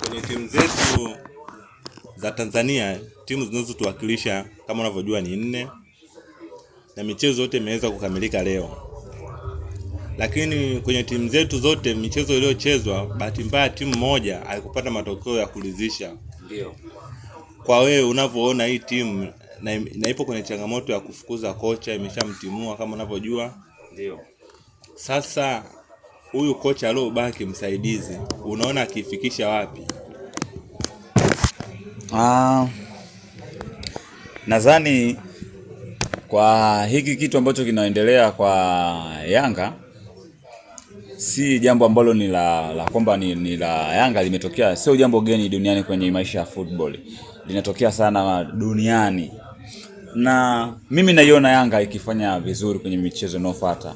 Kwenye timu zetu za Tanzania, timu zinazotuwakilisha kama unavyojua ni nne na michezo yote imeweza kukamilika leo. Lakini kwenye timu zetu zote michezo iliyochezwa, bahati mbaya timu moja haikupata matokeo ya kuridhisha. Ndio. Kwa wewe unavyoona hii timu na, na ipo kwenye changamoto ya kufukuza kocha, imeshamtimua kama unavyojua. Ndio. Sasa huyu kocha aliobaki msaidizi, unaona akifikisha wapi? Ah, nadhani kwa hiki kitu ambacho kinaendelea kwa Yanga si jambo ambalo ni la, la kwamba ni, ni la Yanga limetokea, sio jambo geni duniani kwenye maisha ya football, linatokea sana duniani, na mimi naiona Yanga ikifanya vizuri kwenye michezo inayofuata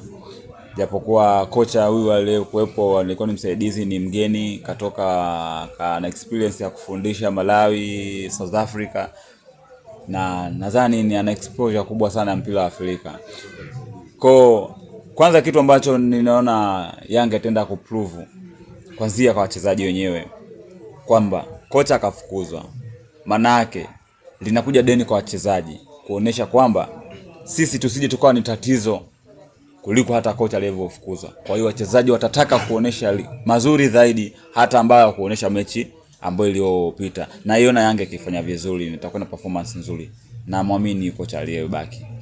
japokuwa kocha huyu aliyekuwepo alikuwa ni msaidizi, ni mgeni, katoka na experience ya kufundisha Malawi, South Africa, na nadhani ni ana exposure kubwa sana mpira wa Afrika. Kwa kwanza kitu ambacho ninaona Yanga itaenda kuprove kwanzia kwa wachezaji wenyewe kwamba kocha akafukuzwa, maana yake linakuja deni kwa wachezaji kuonesha kwamba sisi tusije tukawa ni tatizo kuliko hata kocha aliyofukuzwa. Kwa hiyo wachezaji watataka kuonesha mazuri zaidi hata ambayo kuonesha mechi ambayo iliyopita. Na hiyo na Yanga ikifanya vizuri nitakuwa na performance nzuri. Na muamini kocha aliyebaki.